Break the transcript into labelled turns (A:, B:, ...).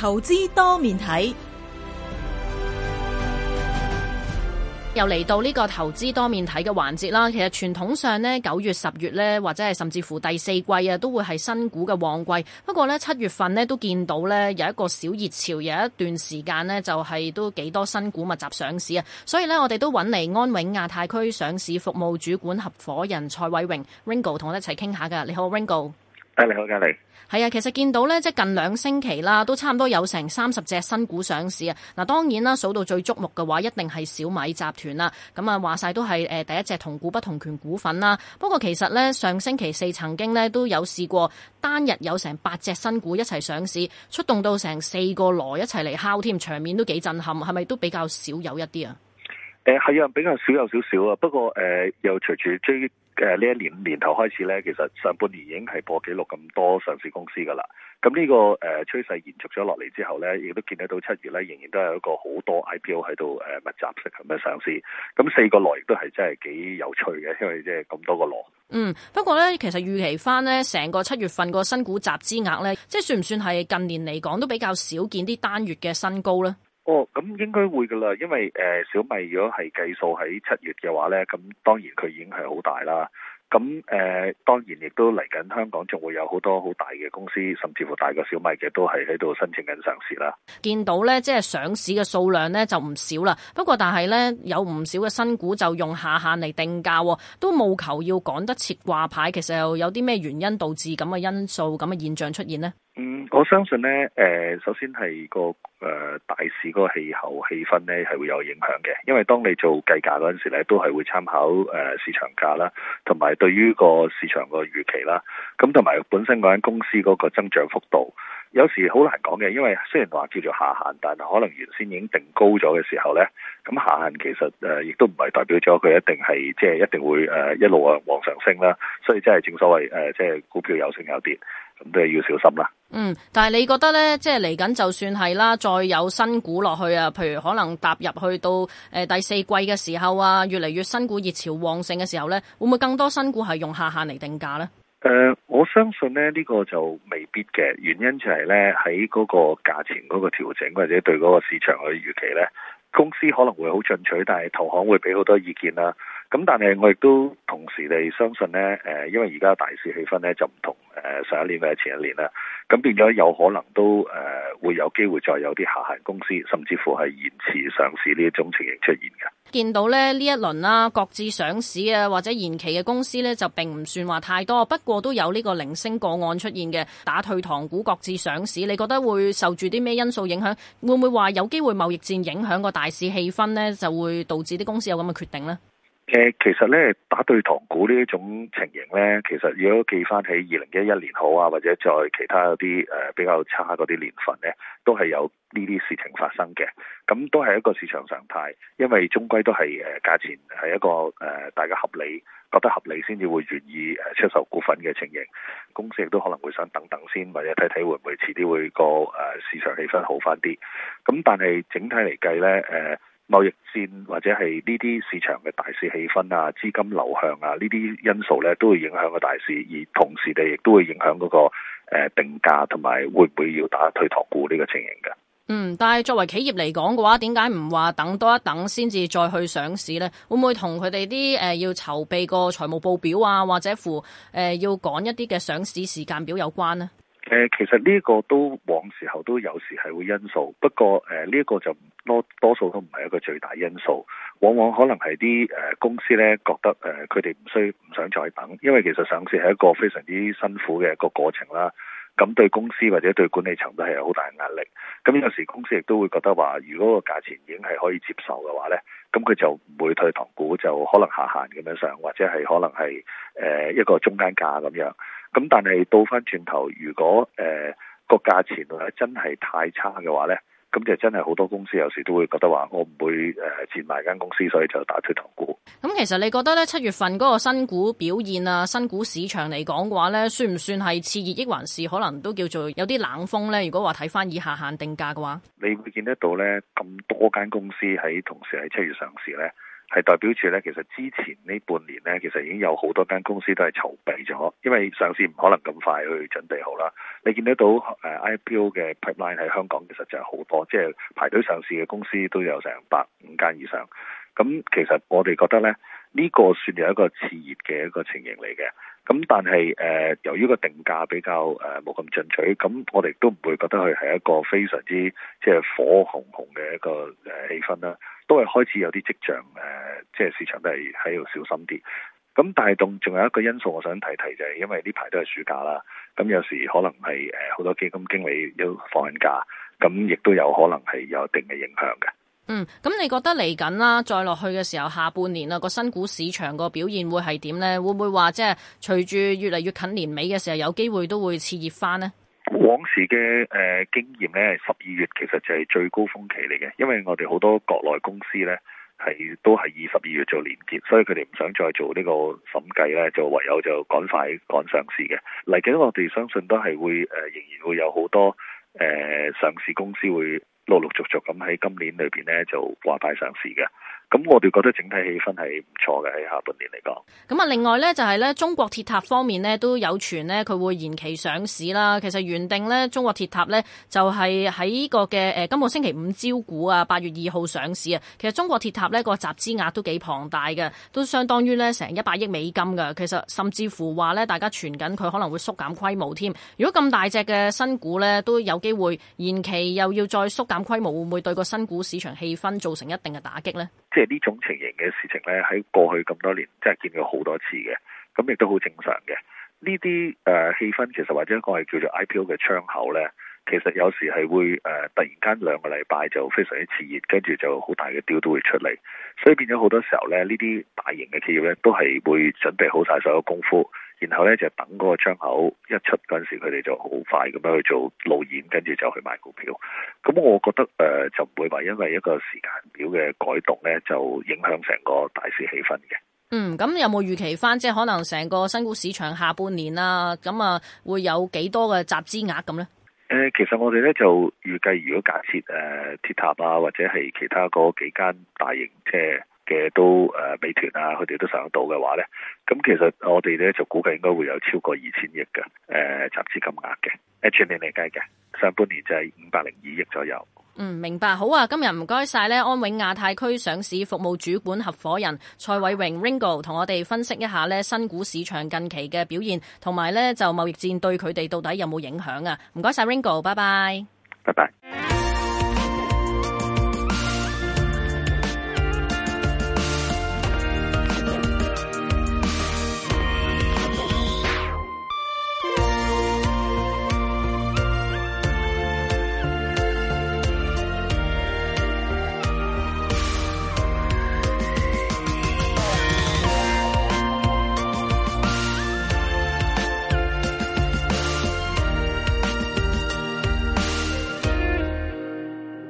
A: 投資多面體，又嚟到呢個投資多面體嘅環節啦。其實傳統上呢，九月、十月呢，或者係甚至乎第四季啊，都會係新股嘅旺季。不過呢，七月份呢，都見到呢有一個小熱潮，有一段時間呢，就係都幾多新股密集上市啊。所以呢，我哋都揾嚟安永亞太區上市服務主管合夥人蔡偉榮 （Ringo） 同我一齊傾下噶。你好，Ringo。
B: 誒、啊，你好，
A: 嘉莉。係啊，其實見到咧，即係近兩星期啦，都差唔多有成三十隻新股上市啊。嗱，當然啦，數到最矚目嘅話，一定係小米集團啦。咁啊，話晒都係誒第一隻同股不同權股份啦。不過其實咧，上星期四曾經咧都有試過單日有成八隻新股一齊上市，出動到成四個鑼一齊嚟敲添，場面都幾震撼。係咪都比較少有一啲啊？
B: 誒，係啊，比較少有少少啊。不過誒，又隨住追誒呢一年年頭開始咧，其實上半年已經係破紀錄咁多上市公司噶啦。咁呢個誒趨勢延續咗落嚟之後咧，亦都見得到七月咧，仍然都係有一個好多 IPO 喺度誒密集式咁樣上市。咁四個囉亦都係真係幾有趣嘅，因為即係咁多個囉。嗯，
A: 不過咧，其實預期返咧，成個七月份個新股集資額咧，即係算唔算係近年嚟講都比較少見啲單月嘅新高咧？
B: 哦，咁應該會噶啦，因為、呃、小米如果係計數喺七月嘅話咧，咁當然佢已經係好大啦。咁誒、呃、當然亦都嚟緊香港，仲會有好多好大嘅公司，甚至乎大過小米嘅都係喺度申請緊上市啦。
A: 見到咧，即係上市嘅數量咧就唔少啦。不過但係咧有唔少嘅新股就用下限嚟定價，哦，都務求要趕得切掛牌。其實又有啲咩原因導致咁嘅因素、咁嘅現象出現呢？
B: 我相信呢，誒，首先係個誒大市個氣候氣氛呢係會有影響嘅。因為當你做計價嗰陣時呢，都係會參考誒市場價啦，同埋對於個市場個預期啦。咁同埋本身嗰間公司嗰個增長幅度，有時好難講嘅。因為雖然話叫做下限，但係可能原先已經定高咗嘅時候呢，咁下限其實誒亦都唔係代表咗佢一定係即係一定會誒一路啊往上升啦。所以即係正所謂誒即係股票有升有跌。咁都係要小心啦。嗯，
A: 但係你覺得咧，即係嚟緊就算係啦，再有新股落去啊，譬如可能踏入去到誒、呃、第四季嘅時候啊，越嚟越新股熱潮旺盛嘅時候咧，會唔會更多新股係用下限嚟定價咧？
B: 誒、呃，我相信咧呢、這個就未必嘅，原因就係咧喺嗰個價錢嗰個調整，或者對嗰個市場去預期咧，公司可能會好進取，但係投行會俾好多意見啦、啊。咁，但係我亦都同時地相信呢，誒，因為而家大市氣氛呢，就唔同誒，上一年或者前一年啦，咁變咗有可能都誒會有機會再有啲下限公司，甚至乎係延遲上市呢一種情形出現嘅。
A: 見到咧呢一輪啦，擱置上市啊或者延期嘅公司呢，就並唔算話太多，不過都有呢個零星個案出現嘅打退堂鼓，擱置上市。你覺得會受住啲咩因素影響？會唔會話有機會貿易戰影響個大市氣氛呢？就會導致啲公司有咁嘅決定呢？
B: 誒，其實咧打對堂股呢一種情形咧，其實如果記翻起二零一一年好啊，或者再其他嗰啲誒比較差嗰啲年份咧，都係有呢啲事情發生嘅。咁、嗯、都係一個市場常態，因為終歸都係誒、呃、價錢係一個誒、呃、大家合理覺得合理先至會願意誒出售股份嘅情形。公司亦都可能會想等等先，或者睇睇會唔會遲啲會，會個誒、呃、市場氣氛好翻啲。咁、嗯、但係整體嚟計咧，誒、呃。貿易戰或者係呢啲市場嘅大市氣氛啊、資金流向啊呢啲因素咧，都會影響個大市，而同時地亦都會影響嗰、嗰個誒、呃、定價，同埋會唔會要打退堂鼓呢個情形嘅？嗯，
A: 但係作為企業嚟講嘅話，點解唔話等多一等先至再去上市咧？會唔會同佢哋啲誒要籌備個財務報表啊，或者乎誒、呃、要趕一啲嘅上市時間表有關呢？
B: 誒、呃，其實呢一個都往時候都有時係會因素，不過誒呢一個就多多數都唔係一個最大因素，往往可能係啲誒公司呢覺得誒佢哋唔需唔想再等，因為其實上市係一個非常之辛苦嘅一個過程啦，咁對公司或者對管理層都係有好大壓力。咁有時公司亦都會覺得話，如果個價錢已經係可以接受嘅話呢，咁佢就唔會退堂鼓，就可能下限咁樣上，或者係可能係誒、呃、一個中間價咁樣。咁但係倒返轉頭，如果誒個、呃、價錢啊真係太差嘅話呢，咁就真係好多公司有時都會覺得話，我唔會誒賤賣間公司，所以就打退堂鼓。
A: 咁其實你覺得呢七月份嗰個新股表現啊，新股市場嚟講嘅話呢算唔算係熾熱抑還是可能都叫做有啲冷鋒呢？如果話睇返以下限定價嘅話，
B: 你會見得到呢咁多間公司喺同時喺七月上市呢。係代表住咧，其實之前呢半年咧，其實已經有好多間公司都係籌備咗，因為上市唔可能咁快去準備好啦。你見得到 IPO 嘅 pipeline 喺香港其實就係好多，即係排隊上市嘅公司都有成百五間以上。咁其實我哋覺得咧，呢、這個算有一個熾熱嘅一個情形嚟嘅。咁但係誒、呃，由於個定價比較誒冇咁進取，咁我哋都唔會覺得佢係一個非常之即係火紅紅嘅一個誒氣氛啦。都係開始有啲跡象，誒，即係市場都係喺度小心啲。咁但係仲有一個因素，我想提提就係、是，因為呢排都係暑假啦，咁有時可能係誒好多基金經理都放緊假，咁亦都有可能係有一定嘅影響嘅。嗯，
A: 咁你覺得嚟緊啦，再落去嘅時候，下半年啦，個新股市場個表現會係點呢？會唔會話即係隨住越嚟越近年尾嘅時候，有機會都會熾熱翻呢？
B: 往時嘅誒、呃、經驗咧，十二月其實就係最高峰期嚟嘅，因為我哋好多國內公司咧係都係以十二月做連結，所以佢哋唔想再做呢個審計咧，就唯有就趕快趕上市嘅。嚟緊我哋相信都係會誒、呃，仍然會有好多誒、呃、上市公司會陸陸續續咁喺今年裏邊咧就掛牌上市嘅。咁我哋覺得整體氣氛係唔錯嘅，喺下半年嚟講。
A: 咁啊，另外呢就係呢中國鐵塔方面呢都有傳呢，佢會延期上市啦。其實原定呢中國鐵塔呢就係喺呢個嘅誒今個星期五招股啊，八月二號上市啊。其實中國鐵塔呢個集資額都幾龐大嘅，都相當於呢成一百億美金噶。其實甚至乎話呢，大家傳緊佢可能會縮減規模添。如果咁大隻嘅新股呢都有機會延期又要再縮減規模，會唔會對個新股市場氣氛造成一定嘅打擊呢？
B: 即係呢種情形嘅事情呢，喺過去咁多年真係見過好多次嘅，咁亦都好正常嘅。呢啲誒氣氛其實或者一個係叫做 IPO 嘅窗口呢，其實有時係會誒、呃、突然間兩個禮拜就非常之熾熱，跟住就好大嘅 deal 都會出嚟，所以變咗好多時候呢，呢啲大型嘅企業呢，都係會準備好晒所有功夫。然後咧就等嗰個窗口一出嗰陣時，佢哋就好快咁樣去做路演，跟住就去買股票。咁我覺得誒、呃、就唔會話因為一個時間表嘅改動咧，就影響成個大市氣
A: 氛嘅。嗯，咁有冇預期翻即係可能成個新股市場下半年啦，啊，咁啊會有幾多嘅集資額咁咧？
B: 誒、呃，其實我哋咧就預計，如果假設誒、呃、鐵塔啊，或者係其他嗰幾間大型即係。嘅都誒，美團啊，佢哋都上到嘅話咧，咁其實我哋咧就估計應該會有超過二千億嘅誒集資金額嘅，全年嚟計嘅，上半年就係五百零二億左右。
A: 嗯，明白，好啊，今日唔該晒咧，安永亞太區上市服務主管合夥人蔡偉榮 Ringo 同我哋分析一下咧新股市場近期嘅表現同埋咧就貿易戰對佢哋到底有冇影響啊？唔該晒 Ringo，拜拜。
B: 拜拜。